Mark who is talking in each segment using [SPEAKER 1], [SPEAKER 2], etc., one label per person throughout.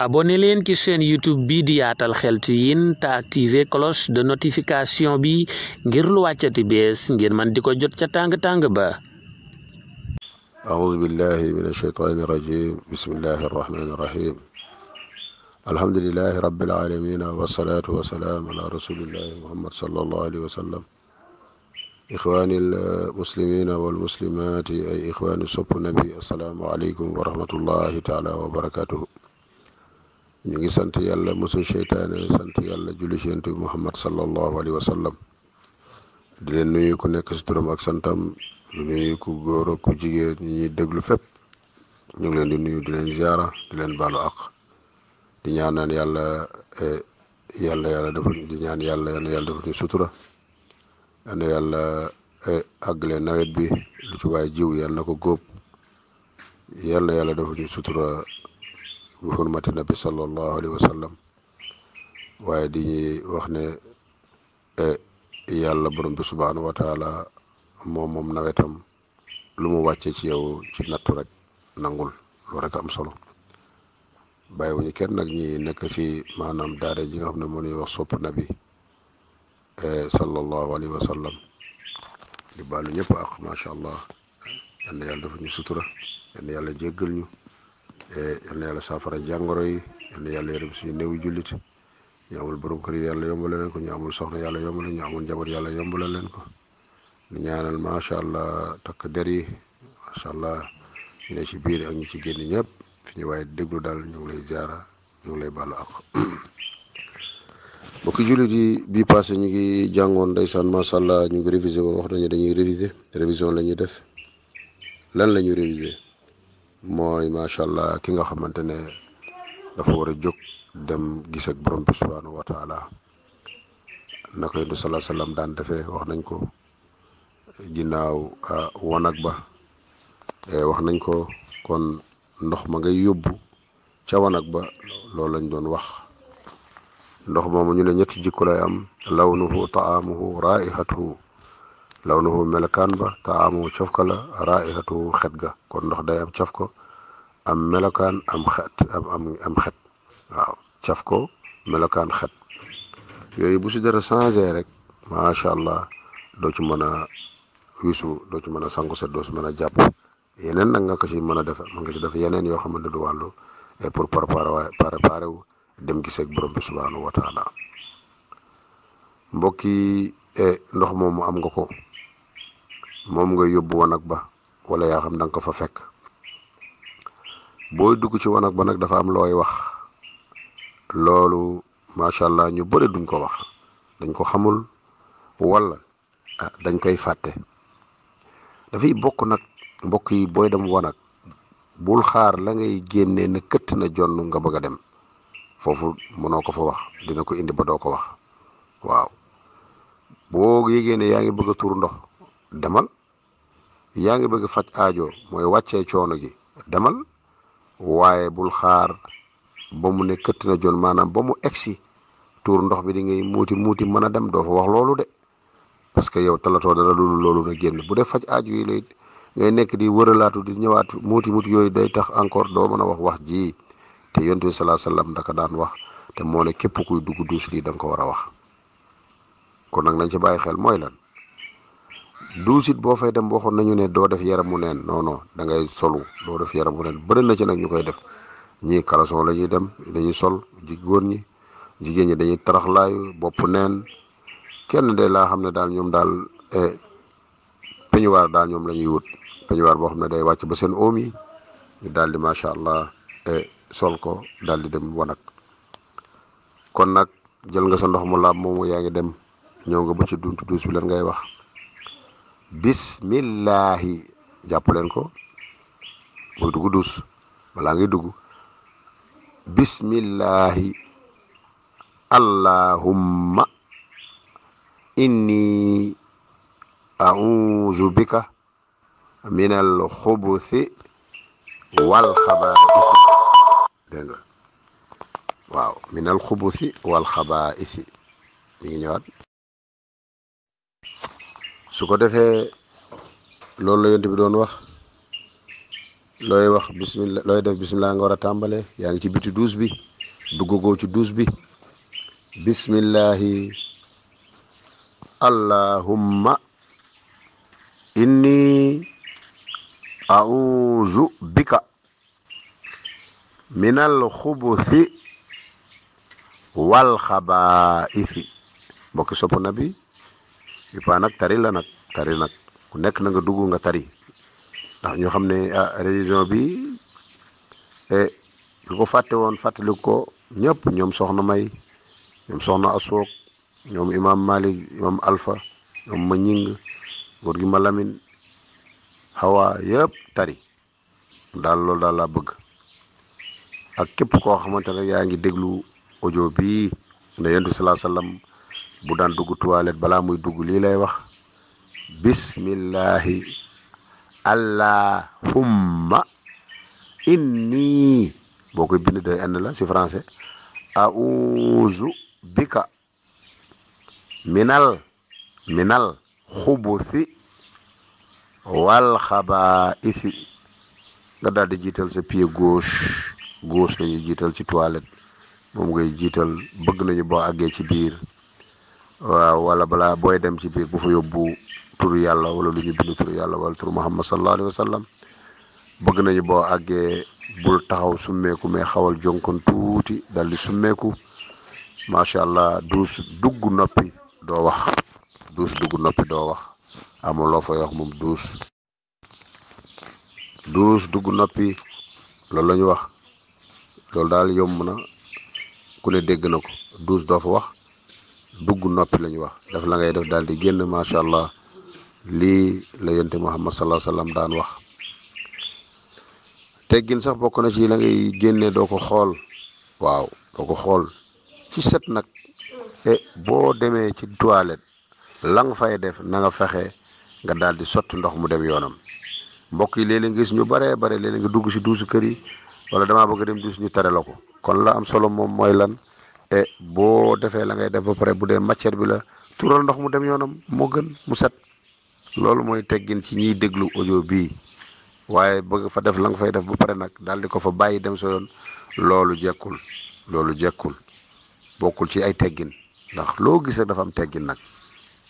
[SPEAKER 1] abonné leen ci chaîne youtube bi di yaatal xeltu yin te activer cloche de notification bi ngir lu wàccati bees ngir man di ko jot ca tàng-tàng ba aoudubillahi min alsheytaani irajim bismillahi arrahmani irrahim alhamdulilahi rabbil alamin wasalaatu wasalaam ala rasulillahi muhammad sallallahu alayhi wa sallam ixwaani almuslimina walmuslimaati ay ixwaani sopp nabi ñu ngi sant yàlla mosul seytaane sant yàlla julli ci yonent bi muhammad sallallahu alayhi wa sallam leen nuyu ku nekk si ak santam di nuyu ku góor ku jigéen ñi ñuy déglu fépp ñu ngi leen di nuyu di leen ziara di leen baalu àq di ñaanal yàlla e, yàlla yàlla dafa di ñaan yàlla yàlla dafa sutura yàlla yàlla e, àggale nawet bi lu ci waay jiw yàlla na ko góob yàlla yàlla sutura. bi xurmati nabi sallallahu alayhi wa sallam waaye di ñuy wax ne e, yàlla borom bi subhanahu wa moom moom nawetam lu mu wàcce ci yow ci nattu rek nangul lu rek am solo bàyyi wuñu kenn nag ñi nekk ci maanaam daara ji nga xam ne moo ñuy wax sopp nabi e, sallallahu alayhi wa sallam di baalu ñëpp ak macha allah yal na yàlla dafa ñu sutura yal na yàlla jéggal ñu E yal na yàlla saafara jàngoro yi yal na yàlla yërëm suñu néew jullit ñu amul borom kër yi yàlla yombale leen ko ñu amul soxna yàlla yombale ñu amul njaboot yàlla yombale leen ko ñu ñaanal macha allah takk der yi macha allah ñu ne ci biir ak ñu ci génn ñëpp fi ñu waaye déglu daal ñu ngi lay jaara ñu ngi lay baalu ak mbokki jullit yi bii passé ñu ngi jàngoon ndeysaan macha allah ñu ngi révisé woon wax nañu dañuy révisé révision la ñuy def lan la ñuy révisé mooy macha allah ki nga xamante ne dafa war a jóg dem gis ak borom bi subhaanahu wa taala na ko daan defee wax nañ ko ginnaaw wanag ba e, wax nañ ko kon ndox ma ngay yóbbu ca wanag ba loolu lañ doon wax ndox moomu ñu ne ñett jikko lay am lawnuhu taamuhu raihatuhu law na melokaan ba taamu cofka la raihatu xet ga kon ndox day am cof ko am melokaan am xet am am am xet waaw caf ko melokaan xet yooyu bu si dara changé rek macha allah doo ci mën a wisu doo ci mën a sangu set doo ci mën a jàpp yeneen nag nga ko si mën a defe mën nga si def yeneen yoo xamante ne du wàllu et pour préparer préparer wu dem gisee ak borom bi subhanahu wa taala mbokk yi eh, ndox moomu am nga ko. moom nga yóbbu wanag ba wala yaa xam da nga ko fa fekk booy dugg ci wanag ba nag dafa am looy wax loolu macha allah ñu bëri duñ ko wax dañ ko xamul wala ah, dañ koy fàtte dafay bokk nag mbokk yi booy dem wanag bul xaar la ngay génne na këtt na jonn nga bëgg a dem foofu mënoo ko fa wax dina ko indi ba doo ko wax waaw boo yégée ne yaa ngi bëgg a tuur ndox demal yaa ngi bëgg faj aajo mooy wàccee coono gi demal waaye bul xaar ba mu ne këtt na jon maanaam ba mu egsi tuur ndox bi di ngay muuti muuti mën a dem doo fa wax loolu de parce que yow talatoo dara loolu loolu na génn bu dee faj aajo yi lay ngay nekk di wëralaatu di ñëwaat muuti muuti yooyu day tax encore doo mën a wax wax ji te yonent bi salaa sallam daka daan wax te moo ne képp kuy dugg duus lii da nga ko war a wax kon nag nañ ci bàyyi xel mooy lan douze it boo fay dem waxoon nañu ne doo def yaramu neen non non da ngay solu doo def yaramu neen bëri na ci nag ñu koy def ñii kalasoo la ñuy dem dañuy sol góor ñi jigéen ñi dañuy taraxlaayu bopp neen kenn de laa xam ne daal ñoom daal eh, peñuwaar daal ñoom la ñuy wut peñuwaar boo xam ne day wàcc ba seen omi yi ñu daal di macha allah eh, sol ko daal di dem wanag kon nag jël nga sa ndox mu laab moom yaa ngi dem ñëw nga ba ci duntu duus bi lan ngay wax. bismillahi jàpp leen ko booy dugg duus balaa ngay dugg bismillahi allahumma inni auzu bika min al xubuthi wal xabaa'ith min al xubuthi wal xabaa'ith su ko defee loolu la yonent bi doon wax looy wax bismillah looy def bismillah nga war a tàmbale yaa ngi ci biti duus bi duggagoo ci duus bi bismillahi allahumma inni auzu bika min alxubuthi walxabaisi mbokki sopp na bi UPA nag tari la nag tari nag ku nekk na nga dugg nga tari ndax ñu xam ne ah bi e eh, ku ko fàtte woon fàttali ko ñëpp ñoom soxna May ñoom soxna Asook ñoom imam Malik imam Alpha ñoom ma ñing góor gi ma Lamin xawa yëpp tari daal loolu daal laa bëgg ak képp koo xamante ne yaa ngi déglu audio bii ne yonent bi salaa sallam bu daan dugg toilette balaa muy dugg lii lay wax bismillahi allahumma inni boo koy bind doy ànd la ci français auzu bika minal minal xubusi wal xabaisi nga daal di jiital sa pied gauche gauche la jiital ci toilette moom ngay jiital bëgg nañu boo àggee ci biir waaw wala balaa booy dem ci biir bu fa yóbbu tur yàlla wala lu ñu bind tur yàlla wala tur muhammad sallallahu alayhi wa sallam bëgg nañu boo àggee bul taxaw summeeku mais xawal jonkon tuuti dal di summeeku macha allah duus dugg noppi doo wax duus dugg noppi doo wax amul loo fay wax moom duus duus dugg noppi loolu la ñu wax loolu daal yomb na ku ne dégg na ko duus doo fa wax dugg noppi la ñu wax def la ngay def daal di génn macha allah lii la yonte Muhammad sallallahu alayhi wasallam daan wax teggin sax bokk na ci la ngay génne doo ko xool waaw doo ko xool ci set nag e, boo demee ci toilette la nga fay def na nga fexe nga daal di sotti ndox mu dem yoonam mbokk yi léeg nga gis ñu baree bare léeg-léeg nga dugg si duusu kër yi wala damaa bëgg dem duus ñu tere la ko kon la am solo moom mooy lan e boo defee langay def ba pare bu dee matière bi la tuural ndox mu dem yoonam moo gën mu set loolu mooy teggin ci ñiy déglu audio bii waaye bëgg fa def la nga fay def ba pare nag daal di ko fa bàyyi dem sa yoon loolu jekkul loolu jekkul bokkul ci ay teggin ndax loo gis rek dafa am teggin nag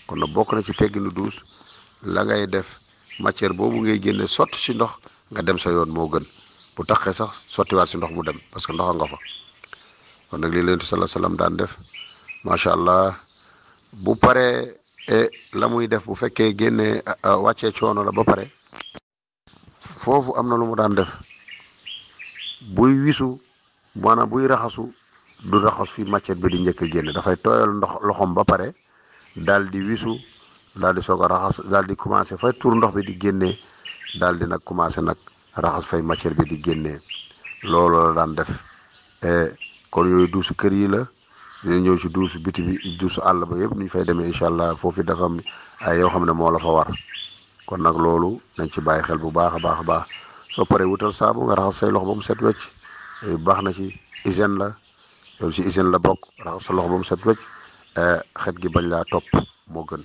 [SPEAKER 1] kon nag bokk na ci tegginu duus la ngay def matière boobu ngay génne sotti si ndox nga dem sa yoon moo gën bu taxee sax sottiwaat si ndox mu dem parce que ndox nga fa. kon nag lii la yonent bi sallallahu alayhi daan def macha allah bu pare e la muy def bu fekkee génnee wàccee coono la ba pare foofu am na lu mu daan def buy wisu maanaam buy raxasu du raxas fi màccet bi di njëkk a génne dafay tooyal ndox loxoom ba pare dal di wisu daal di soog a raxas daal di commencé fay tuur ndox bi di génne daal di nag commencé nag raxas fay matière bi di génne looloo la daan def e kon yooyu duusu kër yi la dina ñëw ci duusu biti bi duusu àll ba yëpp ñu fay demee incha allah foofu dafa am ay yoo xam ne moo la fa war kon nag loolu nañ ci bàyyi xel bu baax a baax a baax soo paree wutal saabu nga raxas say loxo ba mu set wecc yooyu eh, baax na ci hygiène la loolu ci hygiène la bokk raxas sa loxo ba mu set wecc eh, xet gi bañ laa topp moo gën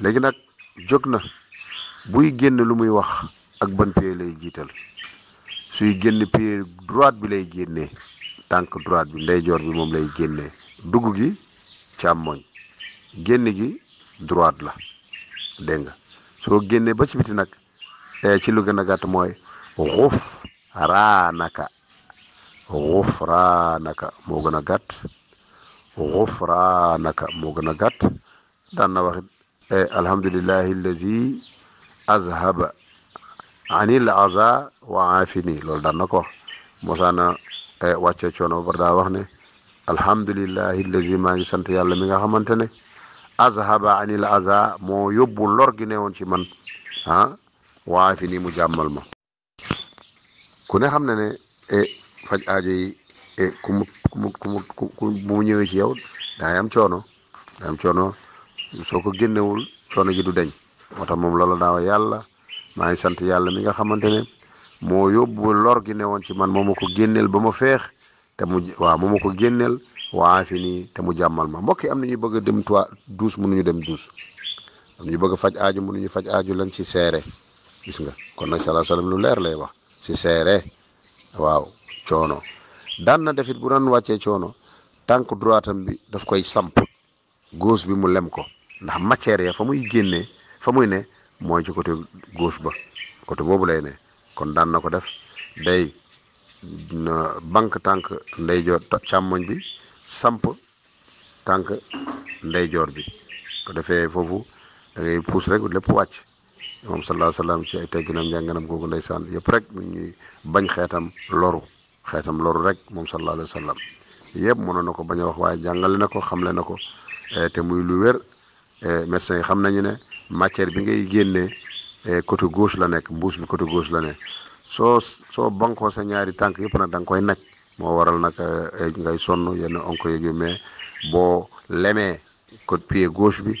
[SPEAKER 1] léegi nag jóg na buy génn lu muy wax ak ban pied lay jiital suy génn pied droite bi lay génnee. tànk droite bi ndeyjoor bi moom lay génnee dugg gi càmmoñ génn gi droite la dégg nga soo génnee ba ci biti nag eh, ci lu gën a gàtt mooy xuf raanaka xuf raanaka moo gën a gàtt xuf raanaka moo gën a gàtt daan na waxit eh, alhamdulillahi allazi azhaba anil aza wa afini loolu daan na ko mosaana Eh, wàccee coono ba daa wax ne alhamdulillahi lazi maa ngi sant yàlla mi nga xamante ne azhaba anil aza moo yóbbu lor gi newoon ci man ah fi nii mu jàmmal ma ku ne xam ne ne eh, faj aajo yi eh, ku mu ku mu ñëwee ci yow daa am coono daa am coono coono ji deñ moo tax moom loola daawa yàlla maa ngi sant mi nga xamante moo yóbbu lor gi ne woon ci man moo ma ko génneel ba mu feex te mu waaw moo ma ko génneel waa fi nii te mu jàmmal ma mbokk yi am na ñu bëgg a dem toi douze mënuñu dem douze am na ñu bëgg faj aaju mënuñu faj aaju lañ ci seere gis nga kon nag salaa salaam lu leer lay wax si seere waaw coono daan na defit bu daan wàccee coono tànk droitam bi daf koy samp gauche bi mu lem ko ndax matière ya fa muy génnee fa muy ne mooy ci côté gauche ba côté boobu lay ne kon daan na ko def day banque tànk ndeyjoor càmmoñ bi samp tànk ndeyjoor bi ko defee foofu da rek lépp wàcc moom sallallahu alayhi wasallam ci ay tegginam njànganam saan ndeysaan yëpp rek mu ñuy bañ xeetam loru xeetam loru rek moom sallallahu alayhi wasallam yëpp mënoon na ko bañ a wax waaye jàngale na ko xamle na ko eh, te muy lu wér eh, médecins yi xam nañu ne matière bi ngay génnee Eh, côté gauche la nekk mbuus bi côté gauche la nekk soo soo bankoo sa ñaari tànk yëpp nag da nga koy naj moo waral nag eh, eh, ngay sonn yenn onko yeeg yu mais boo lemee côte pied gauche bi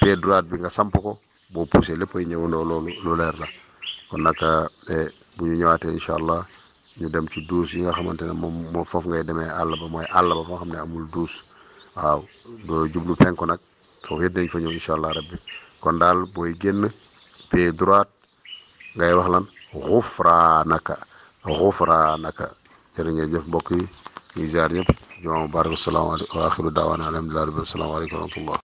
[SPEAKER 1] pied droite bi nga samp ko boo poussé léppay ñëwandoo loolu lu leer la kon nag bu ñu ñëwaatee incha allah ñu dem ci douche yi nga xamante ne moom moom foofu ngay demee àll ba mooy àll ba foo xam ne amul douche waaw doo jublu penku nag foofu yëpp dañ fa ñëw incha allah rabbi kon daal booy pied droite ngay wax lan xufraanaka xufraanaka jërë ngeen jëf mbokk yi ñuy ziar ñëpp juma mubarak salaamaaleykum wa axiru daawaana alhamdulilah rabbil salaamaaleykum wa rahmatullah